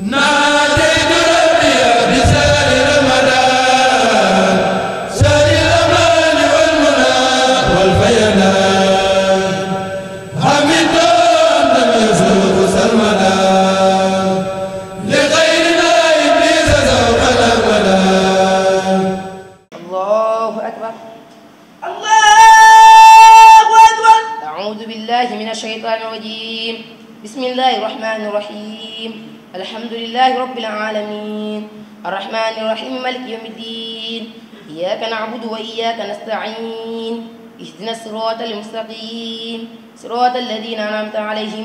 na المستقيم اهدنا الصراط المستقيم صراط الذين أنعمت عليهم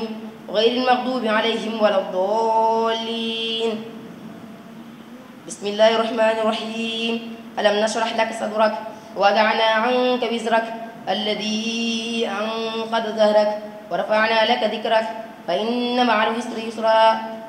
غير المغضوب عليهم ولا الضالين بسم الله الرحمن الرحيم ألم نشرح لك صدرك ووضعنا عنك وزرك الذي أنقض ظهرك ورفعنا لك ذكرك فإن مع العسر يسرا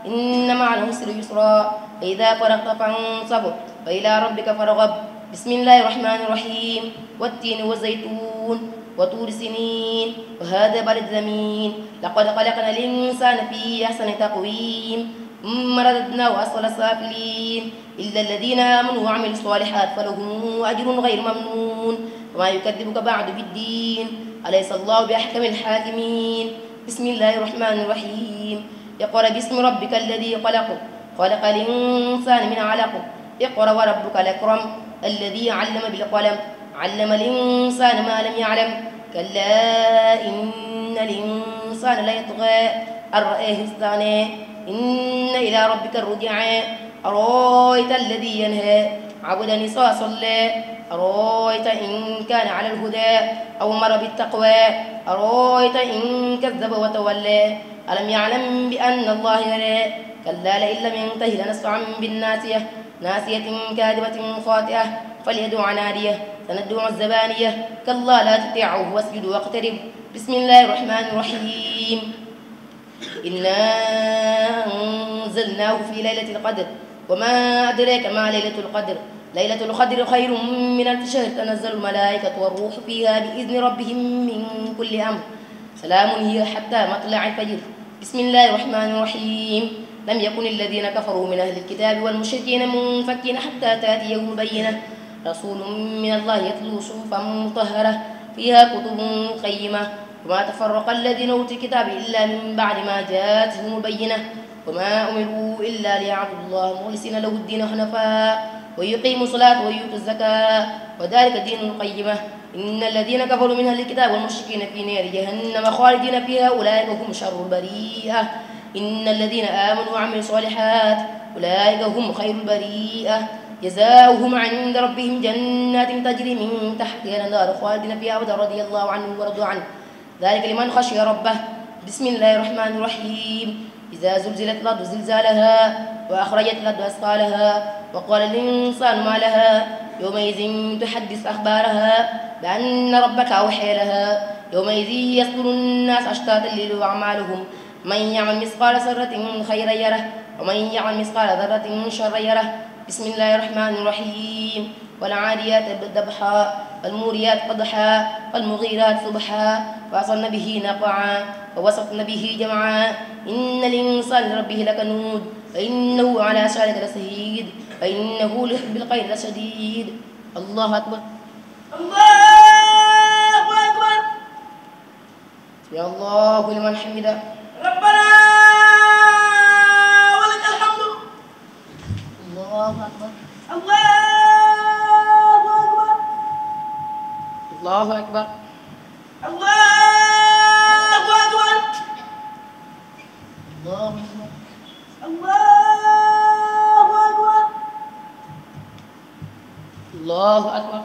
إن مع العسر يسرا فإذا فرغت فانصب وإلى ربك فارغب bismillahi irrahmani irrahim wattiini wa zaytuun wa tuuri siniin wa haada balad zamiin laqad xalaqna al insaana fi ahsani taqwiim summa radadnaahu asfala saafiliin illa alladina aamanu wa amilu saalihaat falahum ajrun gayru mamnuun wa maa yukadibuka ba'du biddiin alaysa allahu bi ahkamil haakimiin bismillahi irrahmani irrahim iqra bismi rabbika alladi xalaq xalaqa al insaana min alaq iqra wa rabbuka al akram الذي علم بالقلم علم الإنسان ما لم يعلم كلا إن الإنسان ليطغى أن رآه استغنى إن إلى ربك الرجعى أرأيت الذي ينهى عبدا إذا صلى أرأيت إن كان على الهدى أو مر بالتقوى أرأيت إن كذب وتولى ألم يعلم بأن الله يرى كلا لئن لم ينته لنسفعا بالناسية ناسية كاذبة خاطئة فليدع نادية سندع الزبانية كلا لا تطيعه واسجد واقترب بسم الله الرحمن الرحيم إنا أنزلناه في ليلة القدر وما أدريك ما ليلة القدر ليلة القدر خير من ألف شهر تنزل الملائكة والروح فيها بإذن ربهم من كل أمر سلام هي حتى مطلع الفجر بسم الله الرحمن الرحيم لم يكن الذين كفروا من أهل الكتاب والمشركين منفكين حتى تأتي يوم بينة رسول من الله يتلو صحفا مطهرة فيها كتب قيمة وما تفرق الذين أوتوا الكتاب إلا من بعد ما جاءتهم البينة وما أمروا إلا ليعبدوا الله مخلصين له الدين حنفاء ويقيموا الصلاة ويؤتوا الزكاة وذلك دين القيمة إن الذين كفروا من أهل الكتاب والمشركين في نار جهنم خالدين فيها أولئك هم شر البريئة إن الذين آمنوا وعملوا الصالحات أولئك هم خير البرية جزاؤهم عند ربهم جنات تجري من تحتها الأنهار خالدين فيها أبدا رضي الله عنهم ورضوا عنه ذلك لمن خشي ربه بسم الله الرحمن الرحيم إذا زلزلت الأرض زلزالها وأخرجت الأرض أثقالها وقال الإنسان ما لها يومئذ تحدث أخبارها بأن ربك أوحي لها يومئذ يصدر الناس أشتاتا ليروا أعمالهم man ya'mal misqaala sarratin xayra yarah wa man ya'mal misqaala darratin sharra yarah bismillahi rahmani rahim wal aadiyaati dabha wal muuriyaati qadha wal mughiiraati subha fa asarna bihi naq'a wa wasatna bihi jam'a inna l-insaana li rabbihi lakanuud wa innahu 'alaa sha'nihi lasahiid wa innahu li hubbil khayri lashadiid Allahu akbar Allahu akbar sami'a Allahu liman hamidah الله أكبر الله أكبر الله أكبر الله أكبر الله أكبر الله أكبر الله أكبر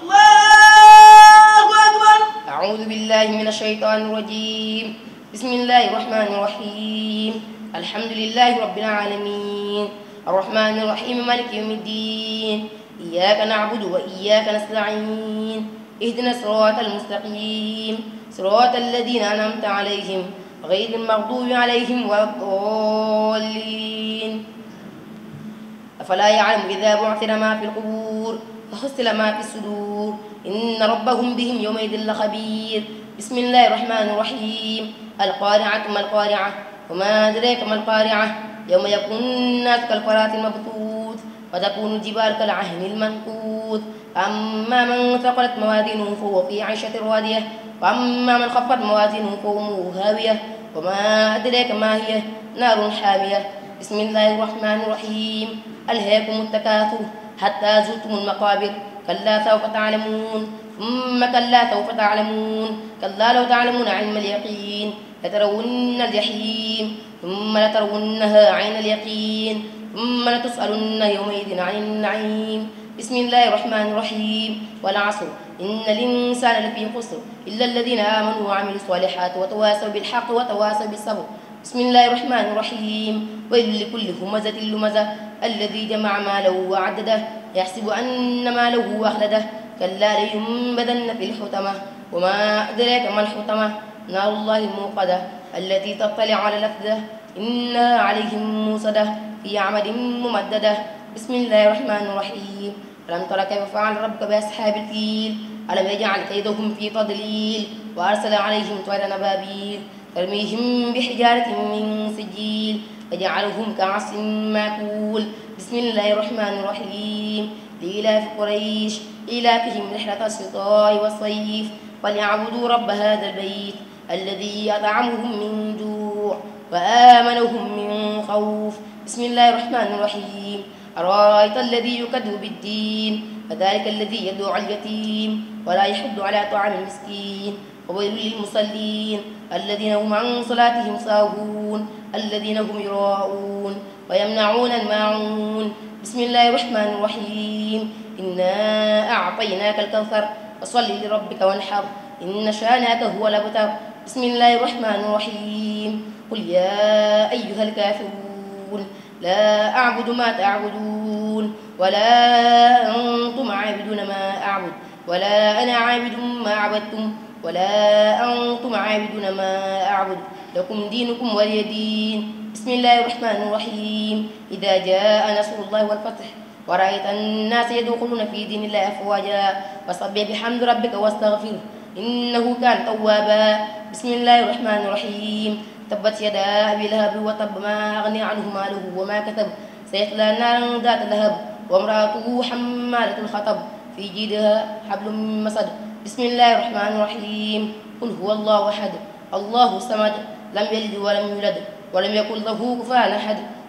الله أكبر أعوذ بالله من الشيطان الرجيم بسم الله الرحمن الرحيم الحمد لله رب العالمين الرحمن الرحيم مالك يوم الدين إياك نعبد وإياك نستعين اهدنا الصراط المستقيم صراط الذين أنعمت عليهم غير المغضوب عليهم ولا الضالين أفلا يعلم إذا بعثر ما في القبور وحصل ما في الصدور إن ربهم بهم يومئذ لخبير بسم الله الرحمن الرحيم القارعة ما القارعة وما أدريك ما القارعة يوم يكون الناس كالفراش المبثوث وتكون الجبال كالعهن المنقوث أما من ثقلت موازينه فهو في عيشة راضية وأما من خفت موازينه فأمه هاوية وما أدريك ما هي نار حامية بسم الله الرحمن الرحيم ألهاكم التكاثر حتى زرتم المقابر كلا سوف تعلمون ثم كلا سوف تعلمون كلا لو تعلمون علم اليقين لترون الجحيم ثم لترونها عين اليقين ثم لتسألن يومئذ عن النعيم بسم الله الرحمن الرحيم والعصر إن الإنسان لفي خسر إلا الذين آمنوا وعملوا الصالحات وتواصوا بالحق وتواصوا بالصبر بسم الله الرحمن الرحيم ويل لكل همزة لمزة الذي جمع ماله وعدده يحسب أن ماله أخلده كلا لينبذن في الحطمة وما أدراك ما الحطمة نار الله الموقدة التي تطلع على الأفئدة إنا عليهم موصدة في عمد ممددة بسم الله الرحمن الرحيم ألم تر كيف فعل ربك بأصحاب الفيل ألم يجعل كيدهم في تضليل وأرسل عليهم طيرا أبابيل ترميهم بحجارة من سجيل فجعلهم كعصف ماكول بسم الله الرحمن الرحيم لإلاف قريش لإيلافهم رحلة الشتاء والصيف وليعبدوا رب هذا البيت الذي أطعمهم من جوع وآمنهم من خوف بسم الله الرحمن الرحيم أرأيت الذي يكذب بالدين فذلك الذي يدعو اليتيم ولا يحض على طعام المسكين وويل للمصلين الذين هم عن صلاتهم ساهون الذين هم يراءون ويمنعون الماعون بسم الله الرحمن الرحيم إنا أعطيناك الكوثر فصل لربك وانحر إن شانئك هو الأبتر بسم الله الرحمن الرحيم قل يا أيها الكافرون لا أعبد ما تعبدون ولا أنتم عابدون ما أعبد ولا أنا عابد ما عبدتم ولا أنتم عابدون ما أعبد لكم دينكم ولي دين بسم الله الرحمن الرحيم إذا جاء نصر الله والفتح ورأيت الناس يدخلون في دين الله أفواجا فسبح بحمد ربك واستغفره إنه كان توابا بسم الله الرحمن الرحيم تبت يدا أبي لهب وتب ما أغنى عنه ماله وما كتب سيصلى نارا ذات لهب وامرأته حمالة الحطب في جيدها حبل من مسد بسم الله الرحمن الرحيم قل هو الله أحد الله الصمد لم يلد ولم يولد ولم يكن له كفوا أحد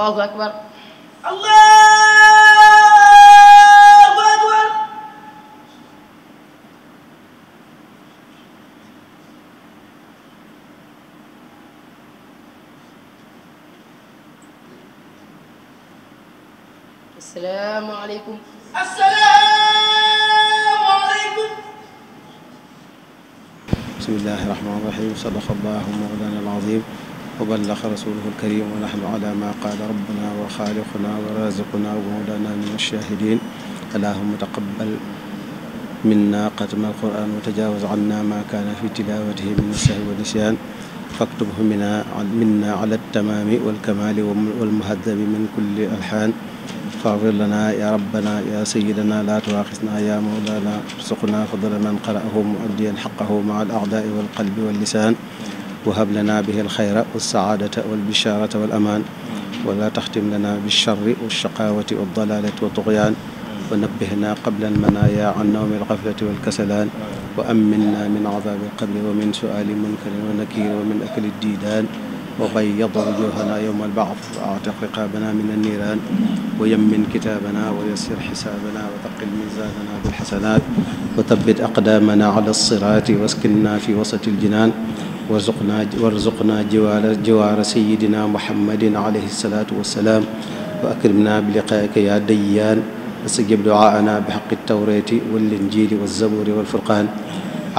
allahu akbar allahu akbar assalaamu aleykum assalaamu aleykum bismillahi rahmaani rahim sadaqa allahu mawlana al azim wa ballaxa rasuluhu alkarim wa nahnu ala ma qaala rabbuna wa xaaliquna wa raziquna wa mawlana min alshahidin allahuma taqabal minna xatma alquran wa tajawaz anna ma kaana fi tilawatihi min nasahwi wa nisyan faktubhu mina minna ala altamami walkamali walmuhadabi min kulli alhan faghfir lana ya rabbana ya sayyidana la tuaxisna ya mawlana suqna fadla man qara'ahu muaddiyan xaqahu maa al a'daai walqalbi wallisan wahab lana bihi alxayra walsaadata walbisharata walamaan wala taxtim lana bilcharri walchaqawati waldalaalati wa tuxyaan wa nabbihna qabla almanaya an nawmi alxaflati walkasalaan wa aminna min adabi alqabri wa min suali munkarin wa nakiri wa min akli diidaan وبيض وجوهنا يوم البعث وأعتق رقابنا من النيران ويمن كتابنا ويسر حسابنا وثقل ميزاننا بالحسنات وثبت أقدامنا على الصراط واسكننا في وسط الجنان warzuqnaa warzuqnaa jiwaara jiwaara sayidina muhammadin alayhi salaatu wassalaam wa akrimnaa bi liqaa'ika yaa dayyaan astajib duaana bi xaqi tawreeti walinjiili walzabuuri walfurqaan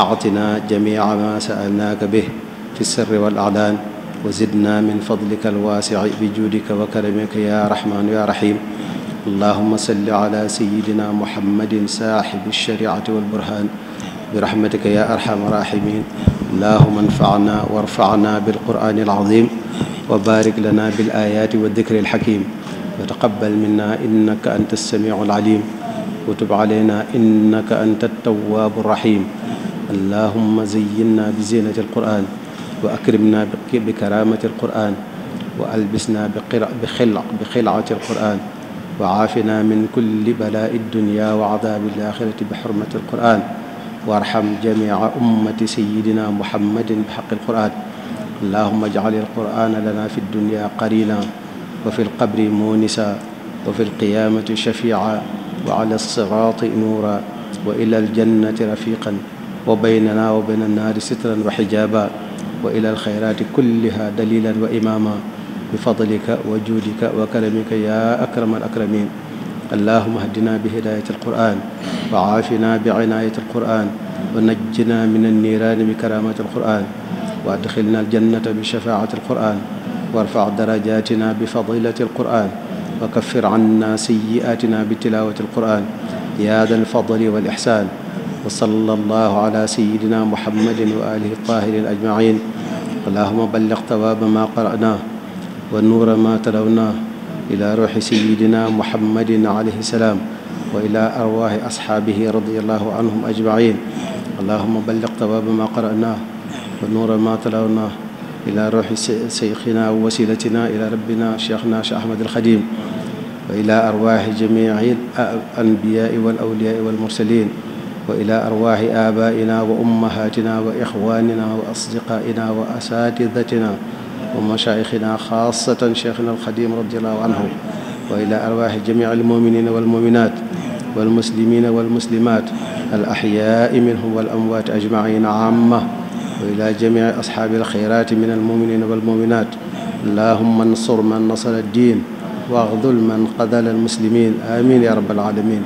actina jamiica maa saalnaaka bih fi sirri wal aclaan wa zidna min fadlika alwaasici bi juudika wa karamika yaa raxmaanu yaa raxiim allahuma salli ala sayidina muhammadin saaxibi alshariicati walburhaan برحمتك يا أرحم الراحمين اللهم انفعنا وارفعنا بالقرآن العظيم وبارك لنا بالآيات والذكر الحكيم وتقبل منا إنك أنت السميع العليم وتب علينا إنك أنت التواب الرحيم اللهم زينا بزينة القرآن وأكرمنا بكرامة القرآن وألبسنا بخلع بخلعة القرآن وعافنا من كل بلاء الدنيا وعذاب الآخرة بحرمة القرآن warham jamiica ummati sayyidina muhammadin bi xaqi alqur'aan allahumma jcal alqur'aana lana fi dunya qarina wa fi lqabri muunisa wa fi lqiyaamati shafiica wa cala alsiraati nuura wa ila aljannati rafiqan wa baynana wa bayna annaari sitran wa xijaaba wa ila alxayraati kulliha dalilan wa imaama bi fadlika wa juudika wa karamika ya akrama alakramin allahuma ahdina bi hidaayati alquran wa aafina bi inaayati alquran wa najjina min alniiraani bi karaamati alquran wa adxilna aljannata bi shafaati alquran warfac darajatina bi fadilati alquran wa kaffir canna sayyi'aatina bi tilaawati alquran yaa da alfadli wal ixsaan wa salla allahu ala sayyidina muhammadin wa aalihi altaahiriin ajmaciin allahuma ballig tawaaba maa qara'naa wa nuura maa talawnaa ila ruuxi sayidina muhammadin alayhi salaam wa ila arwaahi asxaabihi radiallahu anhum ajmain allahuma balliq tawaaba ma qara'naa wa nuura ma talawnaa ila ruuxi sayxina wasilatina ila rabbina cheikhna cheikh ahmad alxadim wa ila arwaaxi jamici alanbiyaai walawliyaai walmursalin wa ila arwaaxi aabaaina wa ummahaatina wa ixwaanina wa asdiqaaina wa asaatidatina wa mashaayixina xaasatan cheikhina alxadim radiallahu anhu wa ila arwaaxi jamii almuminina walmuminat walmuslimina walmuslimat alaxyaai minhum walamwaat ajmain amma wa ila jamii ashaabi alxayraati min almuminina walmuminat allahuma ansur man nasara addin واغذل من قذل المسلمين آمين يا رب العالمين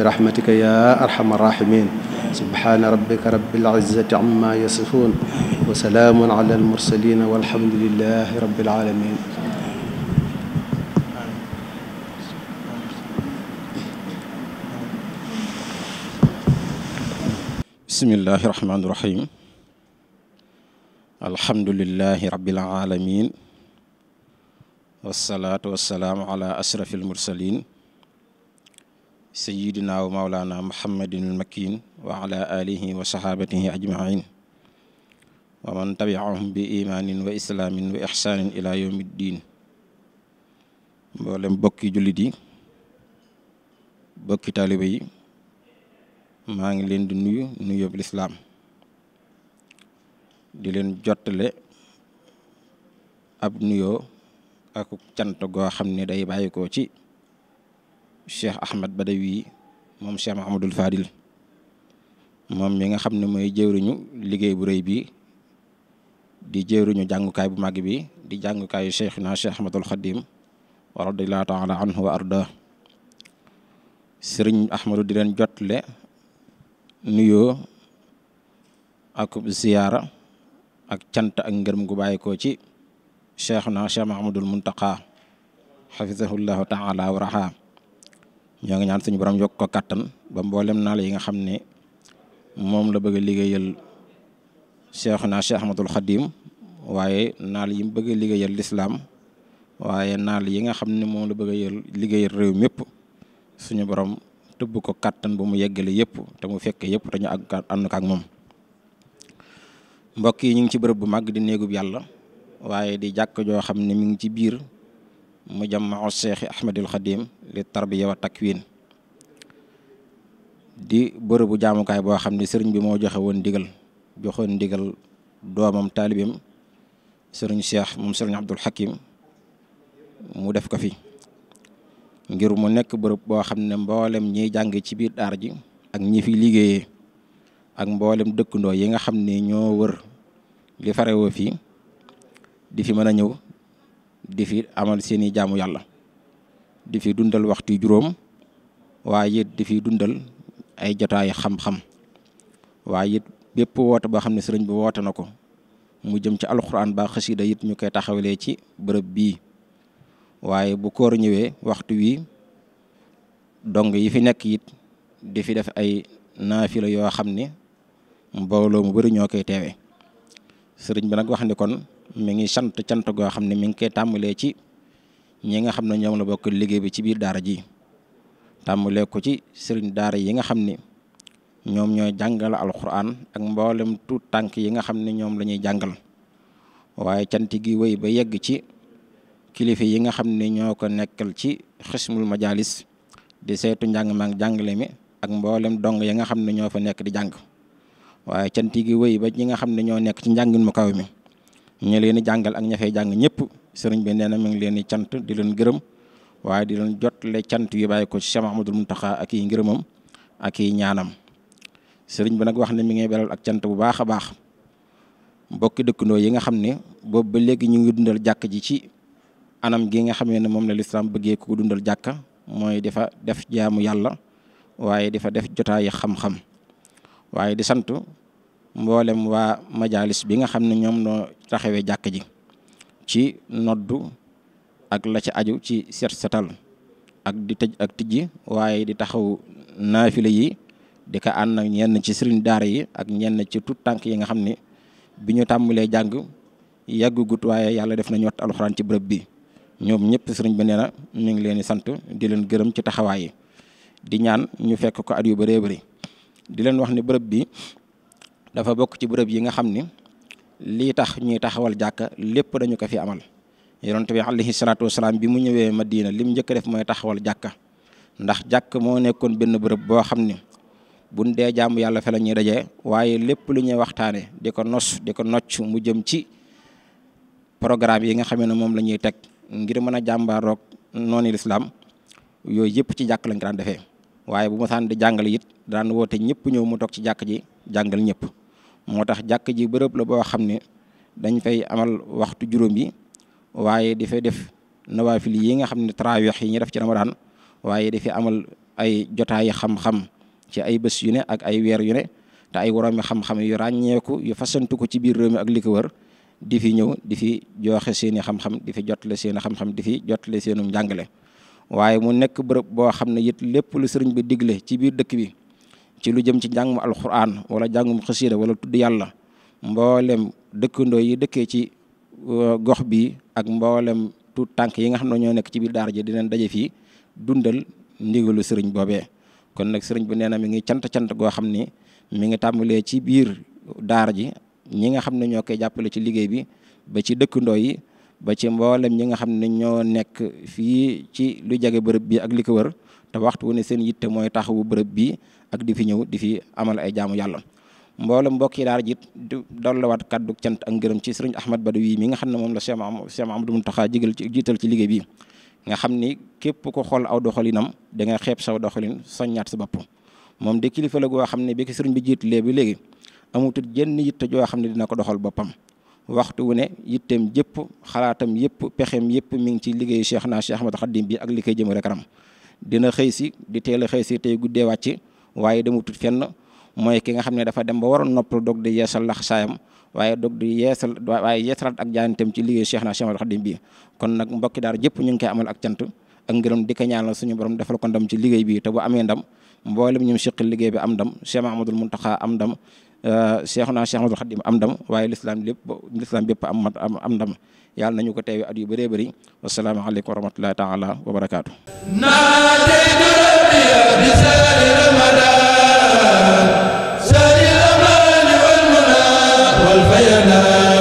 برحمتك يا أرحم الراحمين subhaana rabbika rabbil izzati amma yasifuun wa salaamun ala al mursaliin walhamdulillahi rabbil aalamiin bismillahi rahmaani rahiim alhamdulillahi rabbil aalamiin wassalaatu wassalaamu ala ashrafil mursaliin sayidina wa maulana muhammadin almakin wa ala wa sahabatihi ajmain wa man tabiahum bi imaanin wa islaamin wa ixsaanin ila yawmi diin mboolem bokki jullit bokki taaliba yi maa ngi leen di nuyu nuyoob lislaam di leen jottale ab nuyoo ak cant goo xam ne day bàyyikoo ci cheikh Ahmed Badawi moom cheikh Mahamadul Fadil moom mi nga xam ne mooy jëwriñu liggéey bu rëy bi di jëwriñu jàngukaay bu màgg bi di jàngukaayu cheikhuna cheikh Ahmadul Xadim wa radiyallahu taala anhu wa arda sëriñ Ahmadu di leen jotle nuyoo ak ziyaara ak cant ak ngërëm gu bàyyi ko ci cheikhuna cheikh Mahamadul Muntaqa xafizahullahu taala wa ñoo ngi ñaan suñu boroom yokk ko kàttan ba mboolem naal yi nga xam ne moom la bëgg liggéeyal Cheikhuna Cheikh Ahmadul waaye naal yi mu bëgg liggéeyal lislaam waaye naal yi nga xam ne moom la bëgg a liggéeyal réew mépp suñu borom tëbb ko kàttan ba mu yeggale yépp te mu fekke yépp te ñu ak ànd ak moom mbokk yi ñu ngi ci bërëb bu màgg di néegub yàlla waaye di jàkk joo xam ne mi ngi ci biir mu mujammaa cheikhi ahmadul xadim li tarbiya wa takwin di bërëbu jaamukaay boo xam ne sëriñ bi moo joxe woon ndigal joxoon ndigal doomam taalibim sëriñ cheikh moom sëriñ abdul hakim mu def ko fi ngir mu nekk bërëb boo xam ne mboolem ñiy jàng ci biir daar ji ak ñi fi liggéeyee ak mboolem dëkkandoo yi nga xam ne ñoo wër li farewoo fii di fi mën a ñëw di fi amal seeni i jaamu yàlla di fi dundal waxtu juróom waaye it di fi dundal ay jotaayu xam-xam waaye it bépp woote boo xam ne sëriñ bi woote na ko mu jëm ci alxuraan ba xasida it ñu koy taxawlee ci bërëb bii waaye bu koor ñëwee waxtu wi dong yi fi nekk it di def ay naafila yoo xam ne mbooloo mu bari ñoo koy teewee sëriñ bi nag wax ni kon mi ngi sant cant goo xam ne mi ngi koy tàmbalee ci ñi nga xam ne ñoom la bokk liggéey bi ci biir daara ji tàmbalee ko ci sëriñ daara yi nga xam ni ñoom ñooy jàngal alxuraan ak mboolem tuut tànk yi nga xam ne ñoom lañuy jàngal waaye cant gi wéy ba yegg ci kilifa yi nga xam ne ñoo ko nekkal ci xismul majalis di seetu njàng ma ak jàngale mi ak mboolem dong yi nga xam ne ñoo fa nekk di jàng waaye cant gi wéy ba ñi nga xam ne ñoo nekk ci njàngin mu kaw mi ñu leen jàngal ak ña fay jàng ñëpp sëriñ be nee na mi ngi leen di cant di leen gërëm waaye di leen le cant yu bàyyi ko ci Cheikh Mahamadul Muntaxa ak i ngërëmam ak i ñaanam sëriñ bi nag wax ne mi ngi beral ak cant bu baax a baax mbokki dëkkandoo yi nga xam ne boobu ba léegi ñu ngi dundal jàkk ji ci anam gi nga xamee ne moom la lislaam bëggee ku dundal jàkka mooy dafa def jaamu yàlla waaye dafa def jotaayi xam-xam waaye di sant mboolem waa majalis bi nga xam ne ñoom noo taxawee jàkk ji ci noddu ak la ci aju ci set setal ak di tëj ak tijji waaye di taxaw naafila yi di ko ànd ak ñenn ci sëriñ daara yi ak ñenn ci tout tànk yi nga xam ni bi ñu tàmbalee jàng yàggugut waaye yàlla def na ñott alxuraan ci bërëb bi ñoom ñëpp sëriñ bi nee na mi ngi leen di sant di leen gërëm ci taxawaay yi di ñaan ñu fekk ko at yu bëree bëri di leen wax ne bërëb bi dafa bokk ci bërëb yi nga xam ni lii tax ñuy taxawal jàkka lépp dañu ko fi amal yonent bi alayhi salaatu wasalaam bi mu ñëwee Madina lim njëkk def mooy taxawal jàkka ndax jàkk moo nekkoon benn bërëb boo xam ni buñ dee jaamu yàlla fe la ñuy dajee waaye lépp lu ñuy waxtaane di ko nos di ko nocc mu jëm ci programme yi nga xamee ne moom la ñuy teg ngir mën a jàmbaaroog noonu lislaam yooyu yëpp ci jàkk lañ ko daan defee waaye bu ma saan di jàngale it daan woote ñëpp ñëw mu toog ci jàkk ji jàngal ñëpp moo tax jàkk ji bërëb la boo xam ne dañ fay amal waxtu juróom yi waaye di fay def nawaafil yi nga xam ne taraweex yi ñu def ci ramadaan waaye di fi amal ay jotaay xam-xam ci ay bés yu ne ak ay weer yu te ay woroomi xam-xam yu ràññeeku yu fasantu ko ci biir réew mi ak li ko wër di fi ñëw di fi joxe seen i xam-xam di fi jotale seen i xam-xam di fi jotale seenum njàngale waaye mu nekk bërëb boo xam ne it lépp lu sëriñ bi digle ci biir dëkk bi ci lu jëm ci njàngum alquran wala njàngum xasida wala tudd yàlla mboolem dëkkandoo yi dëkkee ci euh, gox bi ak mboolem tuut tànk yi nga xam ne ñoo nekk ci biir daara ji dinañ daje fii dundal ndigalu sëriñ boobee kon nag sëriñ bi nee na mi ngi cant cant goo xam ni mi ngi tàmbalee ci biir daara ji ñi nga xam ne ñoo koy jàppale ci liggéey bi ba ci dëkkandoo yi ba ci mboolem ñi nga xam ne ñoo nekk fii ci lu jege bërëb bi ak li ko wër te waxtu wu ne seen yitte mooy taxawu bërëb bi ak di fi ñëw di fi amal ay jaamu yàlla mboole mbokk yi daara ji dolliwaat kaddu cant ak ngërëm ci sëriñ Ahmad Badawi mi nga xam ne moom la Cheikh Amadou Mountakha jigal ci jiital ci liggéey bi nga xam ni képp ko xool aw doxalinam da nga xeeb saw doxalin soññaat sa bopp moom de kilifa la goo xam ne bi ko sëriñ bi jiit léegi léegi amutul jenn yitte joo xam ne dina ko doxal boppam waxtu wu ne yitteem jëpp xalaatam yëpp pexeem yëpp mi ngi ci liggéey Cheikh naa Cheikh Ahmad Khadim bi ak li koy jëm rek ram xëy di teel a xëy si tey guddee waaye demutut fenn mooy ki nga xam ne dafa dem ba waroon noppal dog di yeesal lax saayam waaye dog di yeesal waaye yeesalaat ak jaayanteem ci liggéey Cheikh na Cheikh Khadim bi kon nag mbokki daara jëpp ñu ngi koy amal ak cant ak ngërëm di ko ñaanal suñu borom defal ko ndam ci liggéey bi te bu amee ndam mboolem ñu siqi liggéey bi am ndam Cheikh Mahamadul Muntaxa am ndam Cheikh na Cheikh Khadim am ndam waaye lislaam lépp lislaam bépp am am ndam yàlla nañu ko teewe at yu bëree bëri wasalaamaaleykum wa rahmatullahi taala wa barakaatu Faye naa